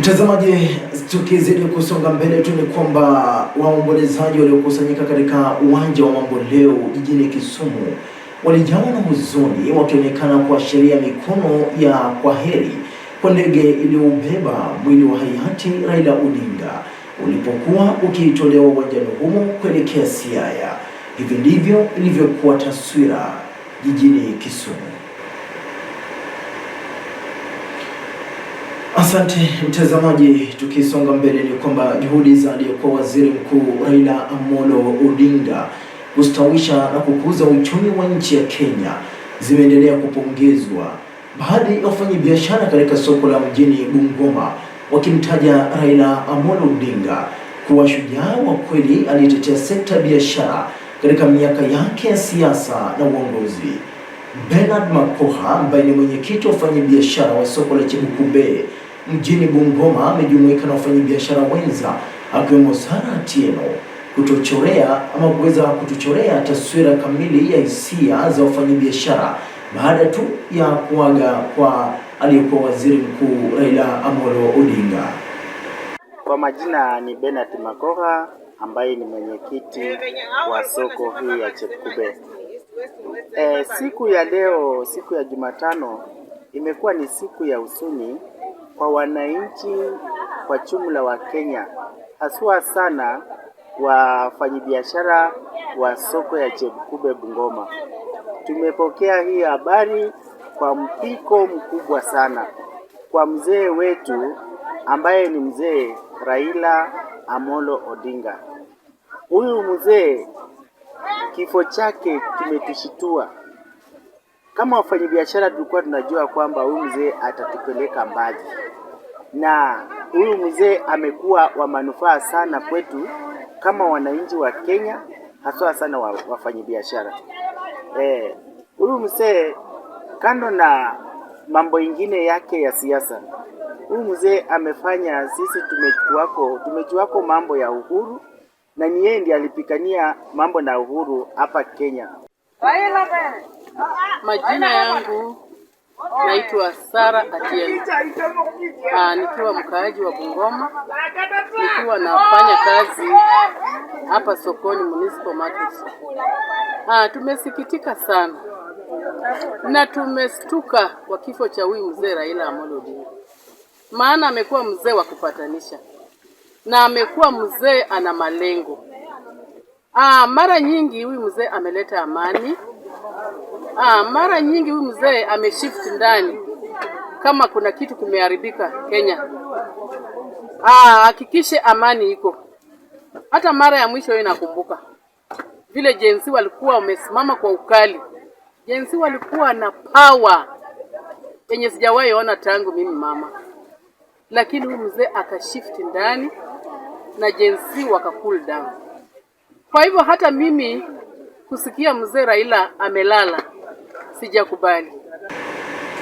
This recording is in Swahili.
Mtazamaji, tukizidi kusonga mbele tu ni kwamba waombolezaji waliokusanyika katika uwanja wa Mamboleo jijini Kisumu walijawa na huzuni wakionekana kuashiria mikono ya kwaheri kwa ndege iliyobeba mwili wa hayati Raila Odinga ulipokuwa ukitolewa uwanjani humo kuelekea Siaya. Hivi ndivyo ilivyokuwa taswira jijini Kisumu. Asante mtazamaji, tukisonga mbele ni kwamba juhudi za aliyekuwa waziri mkuu Raila Amolo Odinga kustawisha na kukuza uchumi wa nchi ya Kenya zimeendelea kupongezwa, baadhi ya wafanyabiashara katika soko la mjini Bungoma wakimtaja Raila Amolo Odinga kuwa shujaa wa kweli aliyetetea sekta ya biashara katika miaka yake ya siasa na uongozi. Bernard Makoha ambaye ni mwenyekiti wa wafanyabiashara wa soko la Chebukube mjini Bungoma amejumuika na wafanyabiashara wenza akiwemo Sara Atieno kutochorea ama kuweza kutochorea taswira kamili ya hisia za wafanyabiashara baada tu ya kuaga kwa aliyekuwa waziri mkuu Raila Amolo Odinga. Kwa majina ni Bernard Makoha ambaye ni mwenyekiti wa soko hii ya Chebukube. E, siku ya leo, siku ya Jumatano imekuwa ni siku ya usuni kwa wananchi kwa jumla wa Kenya, haswa sana wafanyabiashara wa soko ya Chepkube Bungoma. Tumepokea hii habari kwa mpiko mkubwa sana kwa mzee wetu ambaye ni mzee Raila Amolo Odinga. Huyu mzee Kifo chake kimetushitua. Kama wafanyabiashara, tulikuwa tunajua kwamba huyu mzee atatupeleka mbali, na huyu mzee amekuwa wa manufaa sana kwetu kama wananchi wa Kenya, haswa sana wafanyabiashara. E, huyu mzee kando na mambo ingine yake ya siasa, huyu mzee amefanya sisi tumejuako tumejuako mambo ya uhuru na ni yeye ndiye alipigania mambo na uhuru hapa Kenya. Majina yangu naitwa Sara Atieno. Ah, nikiwa mkaaji wa Bungoma, nikiwa nafanya kazi hapa sokoni municipal market. Ah, tumesikitika sana na tumestuka kwa kifo cha huyu mzee Raila Amolo Odinga, maana amekuwa mzee wa kupatanisha na amekuwa mzee, ana malengo. Ah, mara nyingi huyu mzee ameleta amani. Ah, mara nyingi huyu mzee ameshift ndani, kama kuna kitu kimeharibika Kenya, ah, hakikishe amani iko. Hata mara ya mwisho hiyo nakumbuka vile jensi walikuwa wamesimama kwa ukali, jensi walikuwa na power yenye sijawahi ona tangu mimi mama, lakini huyu mzee akashift ndani na Gen Z waka cool down. Kwa hivyo hata mimi kusikia mzee Raila amelala sijakubali.